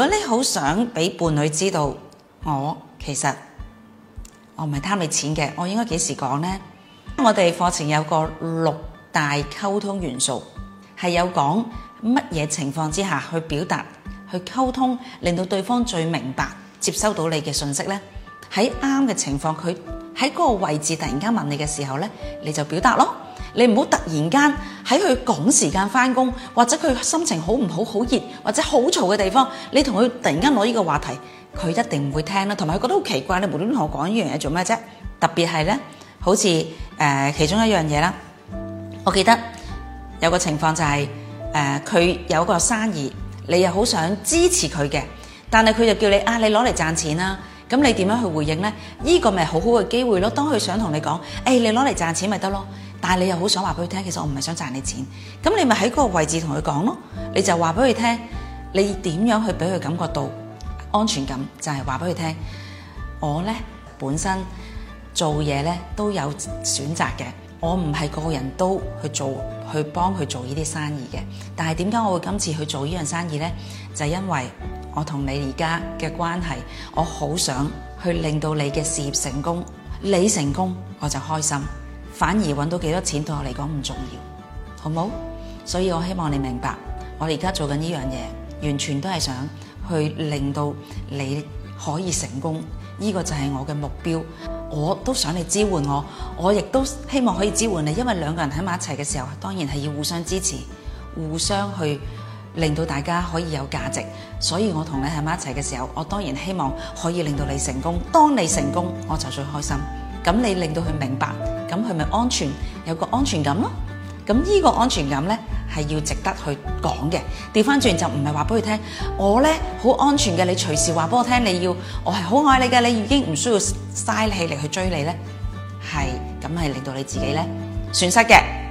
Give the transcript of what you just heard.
如果你好想俾伴侶知道，我其實我唔係貪你錢嘅，我應該幾時講呢？我哋課程有個六大溝通元素，係有講乜嘢情況之下去表達去溝通，令到對方最明白接收到你嘅信息。呢喺啱嘅情況，佢喺嗰個位置突然間問你嘅時候呢，你就表達咯。你唔好突然間喺佢趕時間返工，或者佢心情好唔好、好熱或者好嘈嘅地方，你同佢突然間攞呢個話題，佢一定唔會聽啦。同埋佢覺得好奇怪，你無端同我講呢樣嘢做咩啫？特別係咧，好似誒、呃、其中一樣嘢啦。我記得有個情況就係誒佢有個生意，你又好想支持佢嘅，但係佢就叫你啊，你攞嚟賺錢啦、啊。咁你點樣去回應咧？呢、呢個咪好好嘅機會咯。當佢想同你講，誒、哎、你攞嚟賺錢咪得咯。但係你又好想話俾佢聽，其實我唔係想賺你錢，咁你咪喺嗰個位置同佢講咯，你就話俾佢聽，你點樣去俾佢感覺到安全感，就係話俾佢聽，我呢本身做嘢呢都有選擇嘅，我唔係個個人都去做去幫佢做呢啲生意嘅，但係點解我會今次去做呢樣生意呢？就係因為我同你而家嘅關係，我好想去令到你嘅事業成功，你成功我就開心。反而揾到幾多錢對我嚟講唔重要，好冇？所以我希望你明白，我哋而家做緊呢樣嘢，完全都係想去令到你可以成功，呢個就係我嘅目標，我都想你支援我，我亦都希望可以支援你，因為兩個人喺埋一齊嘅時候，當然係要互相支持，互相去令到大家可以有價值。所以，我同你喺埋一齊嘅時候，我當然希望可以令到你成功。當你成功，我就最開心。咁你令到佢明白，咁佢咪安全，有個安全感咯。咁呢個安全感呢，係要值得去講嘅。調翻轉就唔係話俾佢聽，我呢，好安全嘅，你隨時話俾我聽，你要我係好愛你嘅，你已經唔需要嘥氣力去追你呢，係咁係令到你自己呢，損失嘅。